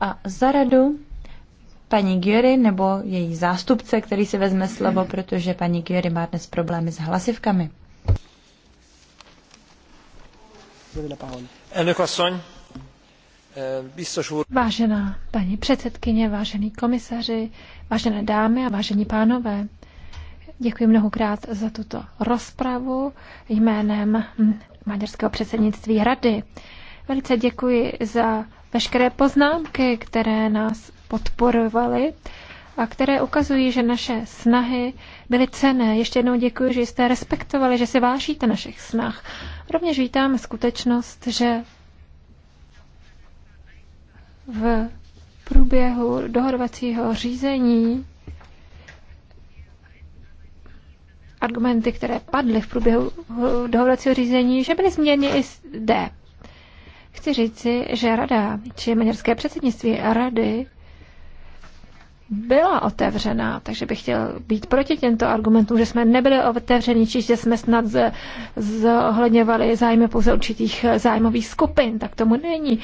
A za radu paní Giory nebo její zástupce, který si vezme slovo, protože paní Giory má dnes problémy s hlasivkami. Eh, Vážená paní předsedkyně, vážený komisaři, vážené dámy a vážení pánové, děkuji mnohokrát za tuto rozpravu jménem maďarského předsednictví Rady. Velice děkuji za veškeré poznámky, které nás podporovaly a které ukazují, že naše snahy byly cené. Ještě jednou děkuji, že jste respektovali, že si vážíte našich snah. Rovněž vítám skutečnost, že v průběhu dohodovacího řízení argumenty, které padly v průběhu dohodovacího řízení, že byly změny i zde chci říci, že rada, či maďarské předsednictví rady byla otevřená, takže bych chtěl být proti těmto argumentům, že jsme nebyli otevřeni, či že jsme snad zohledňovali zájmy pouze určitých zájmových skupin, tak tomu není.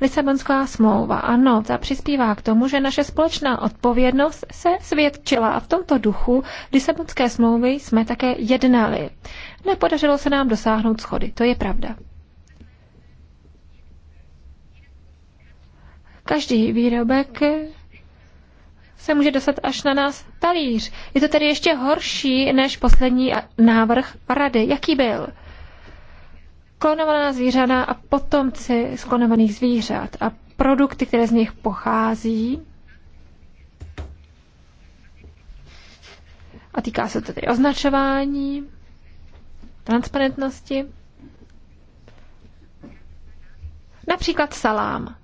Lisabonská smlouva, ano, ta přispívá k tomu, že naše společná odpovědnost se svědčila a v tomto duchu Lisabonské smlouvy jsme také jednali. Nepodařilo se nám dosáhnout schody, to je pravda. Každý výrobek se může dostat až na nás talíř. Je to tedy ještě horší než poslední návrh rady. Jaký byl? Klonovaná zvířata a potomci klonovaných zvířat a produkty, které z nich pochází. A týká se to tedy označování, transparentnosti. Například salám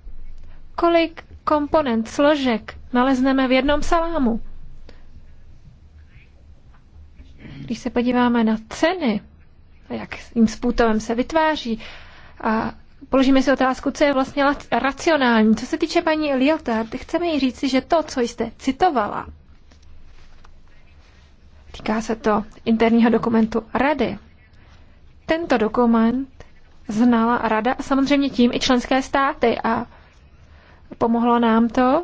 kolik komponent, složek nalezneme v jednom salámu. Když se podíváme na ceny, jak jim způsobem se vytváří, a položíme si otázku, co je vlastně racionální. Co se týče paní Liotard, chceme jí říci, že to, co jste citovala, týká se to interního dokumentu Rady. Tento dokument znala Rada a samozřejmě tím i členské státy a Pomohlo nám to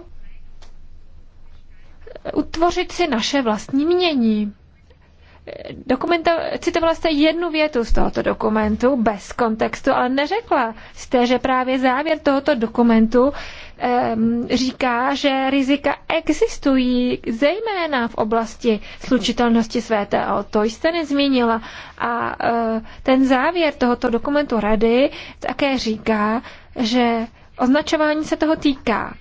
utvořit si naše vlastní mění. Dokumenta, citovala jste jednu větu z tohoto dokumentu bez kontextu, ale neřekla jste, že právě závěr tohoto dokumentu um, říká, že rizika existují zejména v oblasti slučitelnosti s VTO. To jste nezmínila. A uh, ten závěr tohoto dokumentu rady také říká, že Označování se toho týká.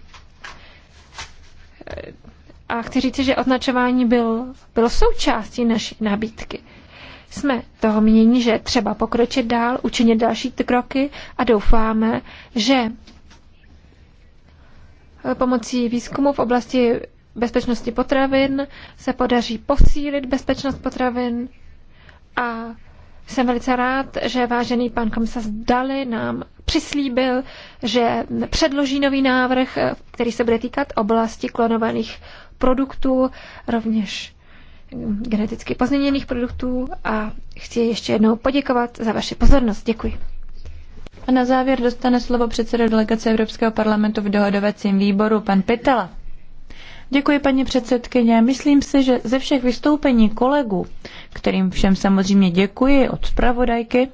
A chci říct, že označování byl, bylo součástí naší nabídky. Jsme toho mění, že třeba pokročit dál, učinit další kroky a doufáme, že pomocí výzkumu v oblasti bezpečnosti potravin se podaří posílit bezpečnost potravin a jsem velice rád, že vážený pan komisař Dali nám přislíbil, že předloží nový návrh, který se bude týkat oblasti klonovaných produktů, rovněž geneticky pozměněných produktů a chci ještě jednou poděkovat za vaši pozornost. Děkuji. A na závěr dostane slovo předseda delegace Evropského parlamentu v dohodovacím výboru pan Pitela. Děkuji, paní předsedkyně. Myslím si, že ze všech vystoupení kolegů, kterým všem samozřejmě děkuji, od zpravodajky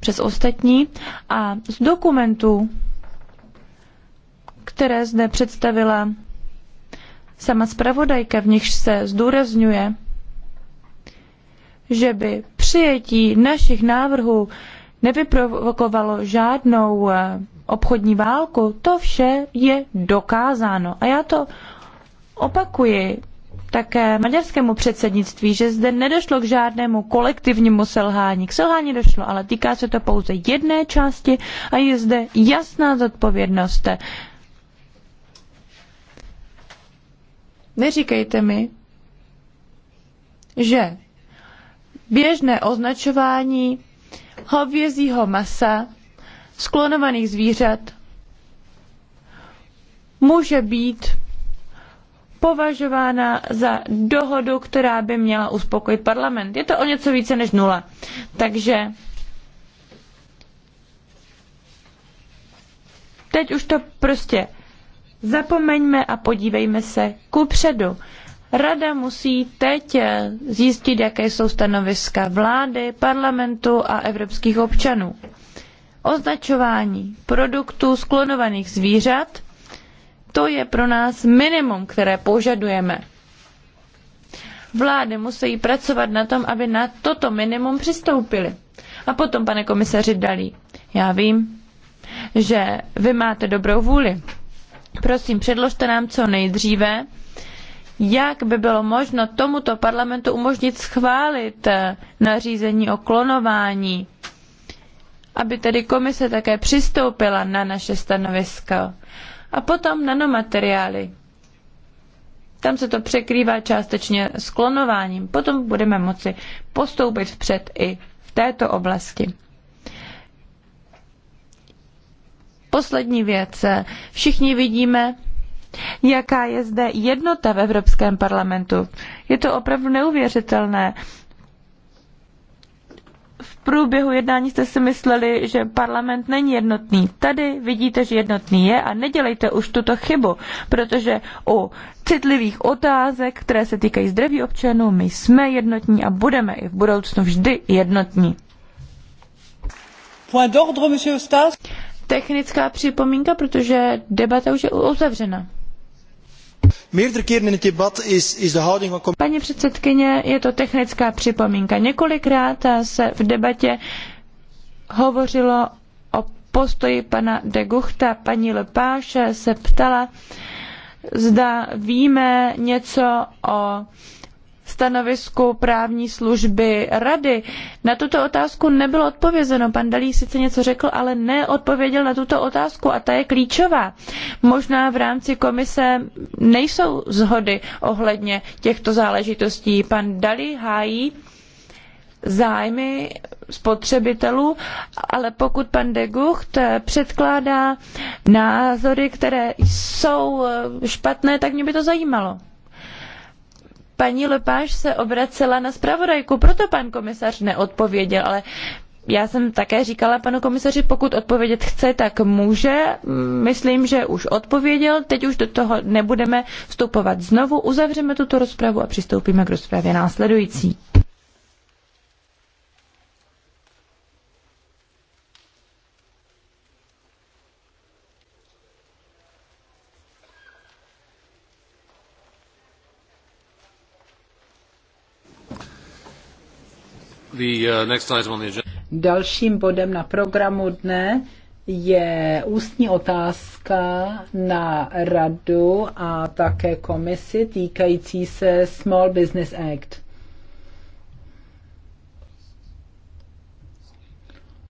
přes ostatní, a z dokumentů, které zde představila sama zpravodajka, v nichž se zdůrazňuje, že by přijetí našich návrhů nevyprovokovalo žádnou eh, obchodní válku, to vše je dokázáno. A já to opakuji také maďarskému předsednictví, že zde nedošlo k žádnému kolektivnímu selhání. K selhání došlo, ale týká se to pouze jedné části a je zde jasná zodpovědnost. Neříkejte mi, že běžné označování hovězího masa sklonovaných zvířat může být považována za dohodu, která by měla uspokojit parlament. Je to o něco více než nula. Takže teď už to prostě zapomeňme a podívejme se ku předu. Rada musí teď zjistit, jaké jsou stanoviska vlády, parlamentu a evropských občanů. Označování produktů sklonovaných zvířat – to je pro nás minimum, které požadujeme. Vlády musí pracovat na tom, aby na toto minimum přistoupily. A potom, pane komisaři Dalí, já vím, že vy máte dobrou vůli. Prosím, předložte nám co nejdříve, jak by bylo možno tomuto parlamentu umožnit schválit eh, nařízení o klonování, aby tedy komise také přistoupila na naše stanovisko. A potom nanomateriály. Tam se to překrývá částečně s klonováním. Potom budeme moci postoupit vpřed i v této oblasti. Poslední věc. Všichni vidíme, jaká je zde jednota v Evropském parlamentu. Je to opravdu neuvěřitelné v průběhu jednání jste si mysleli, že parlament není jednotný. Tady vidíte, že jednotný je a nedělejte už tuto chybu, protože u citlivých otázek, které se týkají zdraví občanů, my jsme jednotní a budeme i v budoucnu vždy jednotní. Point d'ordre, monsieur Stas. Technická připomínka, protože debata už je uzavřena. Paní předsedkyně, je to technická připomínka. Několikrát se v debatě hovořilo o postoji pana de Guchta. Paní Lepáše se ptala, zda víme něco o stanovisku právní služby rady. Na tuto otázku nebylo odpovězeno. Pan Dalí sice něco řekl, ale neodpověděl na tuto otázku a ta je klíčová. Možná v rámci komise nejsou zhody ohledně těchto záležitostí. Pan Dalí hájí zájmy spotřebitelů, ale pokud pan de Gucht předkládá názory, které jsou špatné, tak mě by to zajímalo paní Lepáš se obracela na zpravodajku, proto pan komisař neodpověděl, ale já jsem také říkala panu komisaři, pokud odpovědět chce, tak může. Myslím, že už odpověděl. Teď už do toho nebudeme vstupovat znovu. Uzavřeme tuto rozpravu a přistoupíme k rozpravě následující. Uh, Dalším bodem na programu dne je ústní otázka na radu a také komisi týkající se Small Business Act.